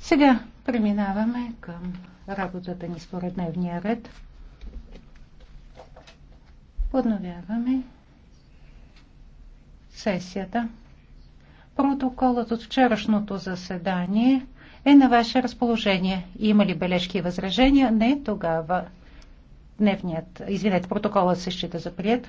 Сега преминаваме към работата ни според дневния ред. Подновяваме сесията. Протоколът от вчерашното заседание е на ваше разположение. Има ли бележки и възражения? Не, тогава дневният, извинете, протоколът се счита за прият.